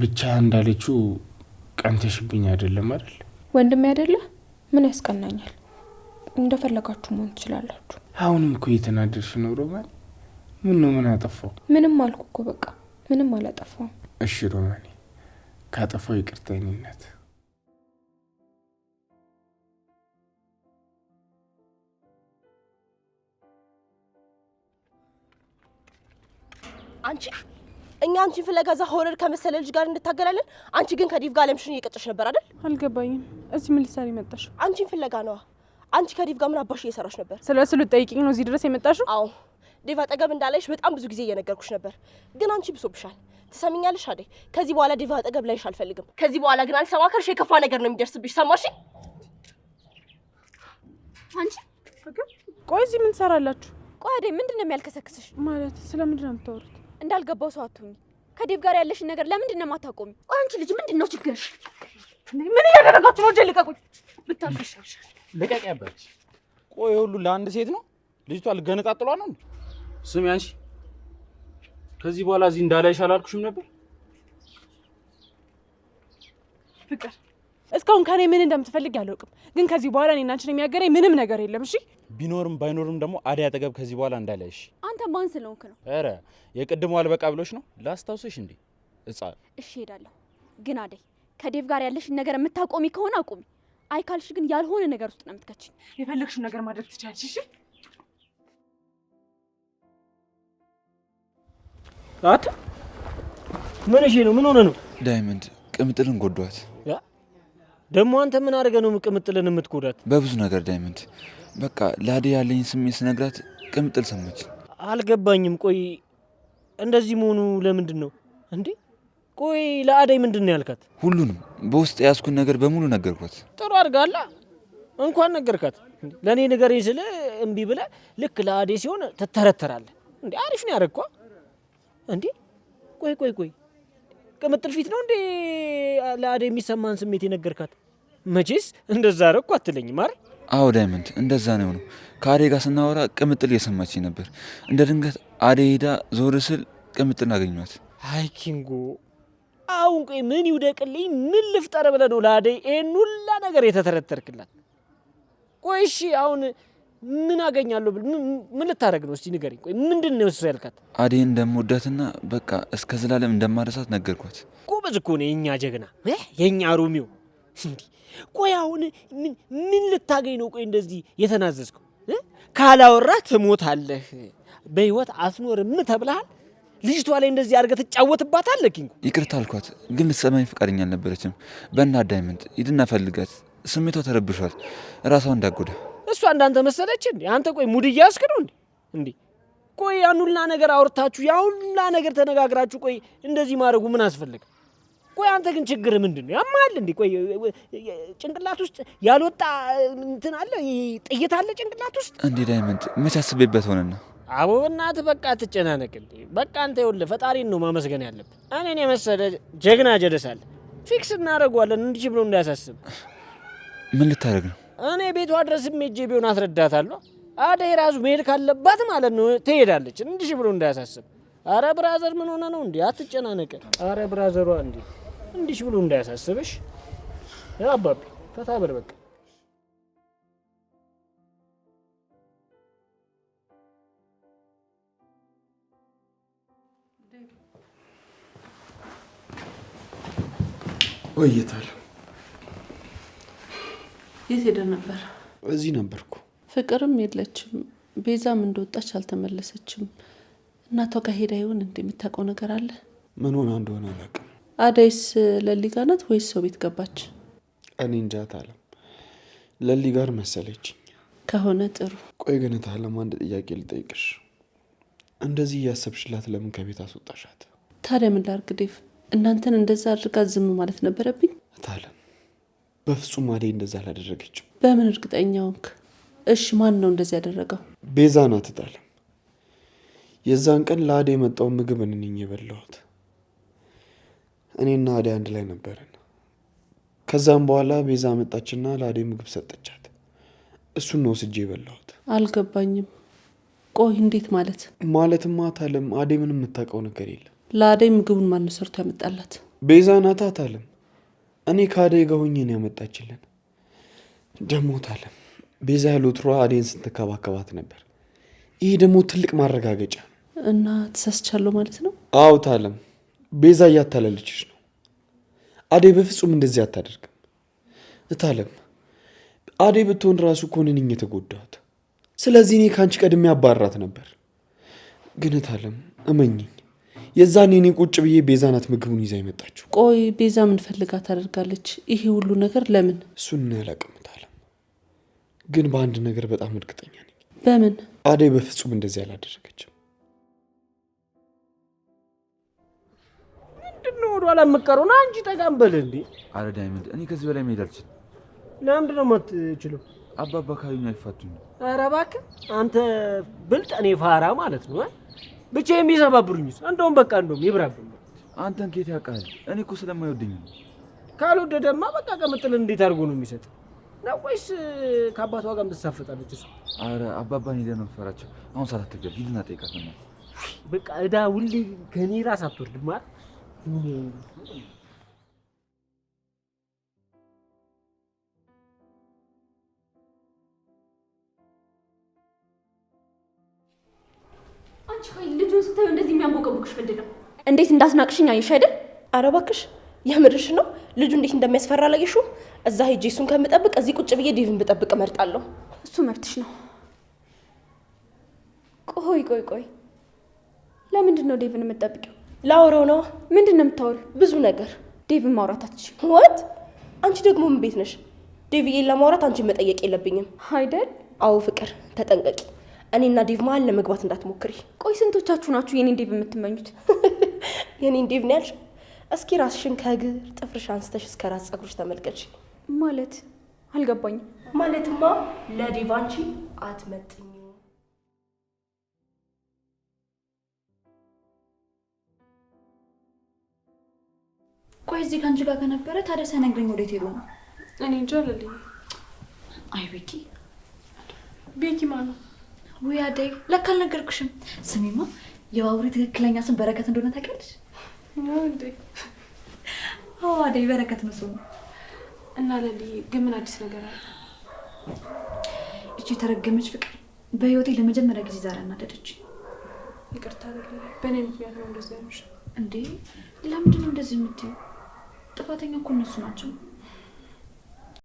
ብቻ እንዳለችው ቀንተሽብኝ አይደለም አይደል? ወንድሜ አይደለ? ምን ያስቀናኛል? እንደፈለጋችሁ መሆን ትችላላችሁ። አሁንም እኮ እየተናደድሽ ነው ሮማን። ምን ነው ምን አጠፋው? ምንም አልኩ እኮ በቃ ምንም አላጠፋውም። እሺ ሮማኔ፣ ካጠፋው ይቅርታ አንቺ እኛ አንቺን ፍለጋ እዛ ሆረር ከመሰለ ልጅ ጋር እንድታገላለን። አንቺ ግን ከዲቭ ጋር ለምሽን እየቀጨሽ ነበር አይደል? አልገባኝም። እዚህ ምን ልትሰሪ መጣሽ? አንቺን ፍለጋ ነዋ። አንቺ ከዲቭ ጋር ምን አባሽ እየሰራሽ ነበር? ስለ እሱ ልትጠይቂኝ ነው እዚህ ድረስ የመጣሽው? አዎ፣ ዲቭ አጠገብ እንዳለሽ በጣም ብዙ ጊዜ እየነገርኩሽ ነበር፣ ግን አንቺ ብሶብሻል። ትሰሚኛለሽ አይደል? ከዚህ በኋላ ዲቭ አጠገብ ላይሽ አልፈልግም። ከዚህ በኋላ ግን አልሰማከርሽ፣ የከፋ ነገር ነው የሚደርስብሽ። ሰማሽ? አንቺ ቆይ፣ እዚህ ምን ትሰራላችሁ? ቆይ አይደል፣ ምንድን ነው የሚያልከሰክስሽ? ማለት ስለምንድን ነው የምታወሩት? እንዳልገባው ሰው አትሁኝ። ከዴቭ ጋር ያለሽን ነገር ለምንድን ነው የማታቆሚ? አንቺ ልጅ ምንድን ነው ችግርሽ? ምን እያደረጋችሁ ነው? እጄን ልቀቁኝ! ብታፈሻሽ ልቀቅ ያበች። ቆይ ሁሉ ለአንድ ሴት ነው? ልጅቷ ልገነጣጥሏ ነው። ስሚ አንቺ፣ ከዚህ በኋላ እዚህ እንዳላይሽ አላልኩሽም ነበር ፍቅር እስካሁን ከኔ ምን እንደምትፈልግ ያለውቅም፣ ግን ከዚህ በኋላ እኔ አንቺን የሚያገናኝ ምንም ነገር የለም። እሺ ቢኖርም ባይኖርም ደግሞ አደይ አጠገብ ከዚህ በኋላ እንዳላይ። እሺ አንተ ማን ስለሆንክ ነው? ኧረ የቅድሞ አልበቃ ብሎች ነው ላስታውሰሽ እንዴ እጻ እሺ ሄዳለሁ፣ ግን አደይ ከዴቭ ጋር ያለሽን ነገር የምታቆሚ ከሆነ አቁሚ፣ አይካልሽ ግን ያልሆነ ነገር ውስጥ ነው የምትከችኝ። የፈለግሽውን ነገር ማድረግ ትችያለሽ። እሺ አት ምን እሺ ነው ምን ሆነ ነው ዳይመንድ ቅምጥልን ጎዷት። ደግሞ አንተ ምን አድርገህ ነው ቅምጥልን የምትጎዳት? በብዙ ነገር ዳይመንድ። በቃ ለአዴ ያለኝ ስሜት ስነግራት ቅምጥል ሰማች። አልገባኝም። ቆይ እንደዚህ መሆኑ ለምንድን ነው እንዴ? ቆይ ለአደይ ምንድን ነው ያልካት? ሁሉንም በውስጥ የያዝኩን ነገር በሙሉ ነገርኳት። ጥሩ አድርጋላ። እንኳን ነገርካት። ለእኔ ንገረኝ ስል እምቢ ብለ ልክ ለአደይ ሲሆን ትተረተራለ እንዴ አሪፍ ነው ያደረግኳ። እንዴ ቆይ ቆይ ቆይ ቅምጥል ፊት ነው እንዴ ለአደ የሚሰማን ስሜት የነገርካት? መቼስ እንደዛ ረኩ አትለኝ ማር። አዎ ዳይመንድ፣ እንደዛ ነው ነው። ከአዴ ጋር ስናወራ ቅምጥል እየሰማችኝ ነበር። እንደ ድንገት አዴ ሄዳ ዞር ስል ቅምጥል አገኟት። አይ ኪንጎ፣ አሁን ቆይ ምን ይውደቅልኝ ምን ልፍጠር ብለህ ነው ለአዴ ይህን ሁላ ነገር የተተረተርክላት? ቆይ እሺ አሁን ምን አገኛለሁ ብል ምን ልታደረግ ነው? እስቲ ንገሪኝ። ቆይ ምንድን ነው እሱ ያልካት? አዴን እንደምወዳትና በቃ እስከ ዘላለም እንደማረሳት ነገርኳት። ጎበዝ እኮ ነው የእኛ ጀግና፣ የእኛ ሮሚዮ። ቆይ አሁን ምን ልታገኝ ነው? ቆይ እንደዚህ የተናዘዝከው ካላወራ ትሞታለህ፣ በህይወት አትኖርም ተብለሃል። ልጅቷ ላይ እንደዚህ አድርገህ ትጫወትባታለህ። ኪንጎ ይቅርታ አልኳት፣ ግን ልትሰማኝ ፈቃደኛ አልነበረችም። በእና ዳይመንት ሂድና ፈልጋት፣ ስሜቷ ተረብሿል፣ ራሷ እንዳጎዳ እሷ እንዳንተ መሰለችን? አንተ ቆይ ሙድ እያስክ ነው እንዴ? እንዴ ቆይ ያን ሁላ ነገር አውርታችሁ ያ ሁላ ነገር ተነጋግራችሁ ቆይ እንደዚህ ማድረጉ ምን አስፈልግ? ቆይ አንተ ግን ችግር ምንድን ነው? ያማል እንዴ? ቆይ ጭንቅላት ውስጥ ያልወጣ እንትን አለ ጥይት አለ ጭንቅላት ውስጥ እንዴ? ዳይመንድ መቼ አስቤበት ሆነና አቦ በእናትህ በቃ አትጨናነቅ። በቃ አንተ ይኸውልህ ፈጣሪን ነው ማመስገን ያለብን። እኔን የመሰለ ጀግና ጀለሳል ፊክስ እናደርገዋለን እንዲህ ብሎ እንዳያሳስብ ምን ልታደርግ ነው? እኔ ቤቷ ድረስ ሄጄ ቢሆን አስረዳታለሁ። አደይ ራሱ መሄድ ካለባት ማለት ነው ትሄዳለች። እንዲሽ ብሎ እንዳያሳስብ። አረ ብራዘር ምን ሆነ ነው እንዴ? አትጨናነቅ። አረ ብራዘሯ እንዴ እንዲሽ ብሎ እንዳያሳስብሽ። አባቢ ፈታ በል በቃ። ቆይታለሁ የት ሄደ ነበር? እዚህ ነበርኩ። ፍቅርም የለችም። ቤዛም እንደወጣች አልተመለሰችም። እናቷ ጋር ሄዳ ይሆን እንደ የምታውቀው ነገር አለ? ምን ሆና እንደሆነ አላውቅም። አደይስ ለሊ ጋር ናት ወይስ ሰው ቤት ገባች? እኔ እንጃ። ታለም ለሊ ጋር መሰለች። ከሆነ ጥሩ። ቆይ ግን ታለም አንድ ጥያቄ ልጠይቅሽ። እንደዚህ እያሰብሽላት ለምን ከቤት አስወጣሻት? ታዲያ ምን ላድርግ ዴቭ? እናንተን እንደዛ አድርጋ ዝም ማለት ነበረብኝ? ታለም በፍጹም አደይ እንደዛ አላደረገችም። በምን እርግጠኛ ሆንክ? እሺ ማን ነው እንደዚህ ያደረገው? ቤዛ ናት እጣል። የዛን ቀን ለአደይ የመጣውን ምግብ እንንኝ የበላሁት እኔና አደይ አንድ ላይ ነበርን። ከዛም በኋላ ቤዛ መጣችና ለአደይ ምግብ ሰጠቻት። እሱን ነው ስጄ የበላሁት። አልገባኝም። ቆይ እንዴት ማለት? ማለት አታለም አደይ ምንም የምታውቀው ነገር የለም። ለአደይ ምግቡን ማን ሰርቶ ያመጣላት? ቤዛ ናት አታለም እኔ ከአደይ ጋር ሆኜ ነው ያመጣችልን። ደሞታለም ቤዛ ያሉት ሯ አደይን ስትንከባከባት ነበር። ይህ ደግሞ ትልቅ ማረጋገጫ ነው። እና ተሳስቻለሁ ማለት ነው? አዎ ታለም፣ ቤዛ እያታለለችሽ ነው። አዴ በፍጹም እንደዚህ አታደርግም። እታለም አዴ ብትሆን ራሱ እኮ እኔ የተጎዳሁት። ስለዚህ እኔ ከአንቺ ቀድሜ አባራት ነበር። ግን እታለም እመኝኝ የዛን እኔ ቁጭ ብዬ ቤዛ ናት ምግቡን ይዛ የመጣችው። ቆይ ቤዛ ምን ፈልጋ ታደርጋለች? ይሄ ሁሉ ነገር ለምን? እሱን ያላቅምታለም። ግን በአንድ ነገር በጣም እርግጠኛ ነኝ። በምን? አደይ በፍጹም እንደዚህ አላደረገችም። ምንድነው ወደኋላ የምትቀረው? ና እንጂ ጠጋም በል እንዴ። አረ ዳይመንድ፣ እኔ ከዚህ በላይ መሄድ አልችልም። ለምንድን ነው የማትችለው? አባባ ካዩኝ አይፋቱኝ። አረ እባክህ አንተ ብልጥ፣ እኔ ፋራ ማለት ነው ብቻ የሚሰባብሩኝ እንደውም በቃ እንደውም ይብራብ። አንተን ኬት ያውቃል? እኔ እኮ ስለማይወደኝ ነው። ካልወደደማ በቃ ከምጥል እንዴት አድርጎ ነው የሚሰጥ ነው? ወይስ ከአባቷ ጋር ምትሳፈጣለች እሱ? አረ አባባን ሄደ ነው ፈራቸው። አሁን ሰዓት አትገብ፣ ሂድና ጠይቃት። በቃ እዳ ሁሌ ከኔ ራስ አትወርድ አትወርድም። ቆይ ልጁን ስታዩ እንደዚህ የሚያንቦቀቡቅሽ ምንድን ነው? እንዴት እንዳስናቅሽኝ አየሽ አይደል? ኧረ እባክሽ የምርሽ ነው? ልጁ እንዴት እንደሚያስፈራ አላየሽው? እዛ ሄጄ እሱን ከምጠብቅ እዚህ ቁጭ ብዬ ዲቭን ብጠብቅ እመርጣለሁ። እሱ መርትሽ ነው። ቆይ ቆይ ቆይ፣ ለምንድን ነው ዴቭን የምጠብቂው? ላወራው ነው። ምንድን ነው የምታወሪው? ብዙ ነገር። ዴቭን ማውራት አትችይም። ወት አንቺ ደግሞ ምን ቤት ነሽ? ዴቪዬን ለማውራት አንቺን መጠየቅ የለብኝም አይደል? አዎ ፍቅር፣ ተጠንቀቂ እኔና ዴቭ መሀል ለመግባት እንዳትሞክሪ። ቆይ ስንቶቻችሁ ናችሁ የኔን ዴቭ የምትመኙት? የኔን ዴቭ ነው ያልሽ? እስኪ ራስሽን ከእግር ጥፍርሽ አንስተሽ እስከ ራስ ጸጉርሽ ተመልከች። ማለት አልገባኝም። ማለትማ ለዴቭ አንቺ አትመጥኝ። ቆይ እዚህ ከአንቺ ጋር ከነበረ ታዲያ ሳይነግረኝ ወዴት ሄዶ ነው? እኔ እንጃ አለልኝ። አይ ቤኪ ቤኪ ማነው? ውይ አደይ ለካ አልነገርኩሽም። ስሚማ የባቡሬ ትክክለኛ ስም በረከት እንደሆነ ታውቂያለሽ? አዎ አደይ በረከት ነው ስሙ። እና ለሊ ግን ምን አዲስ ነገር አለ? እቺ የተረገመች ፍቅር በህይወቴ ለመጀመሪያ ጊዜ ዛሬ አናደደች። ይቅርታ በእኔ ምክንያት ነው እንደዚህ። እንዴ ለምንድን ነው እንደዚህ የምትይው? ጥፋተኛ እኮ እነሱ ናቸው።